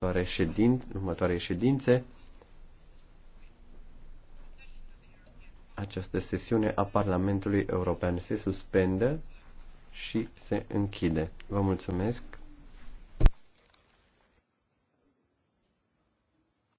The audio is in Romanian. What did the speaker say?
următoare ședin, următoarei ședințe. Această sesiune a Parlamentului European se suspendă și se închide. Vă mulțumesc!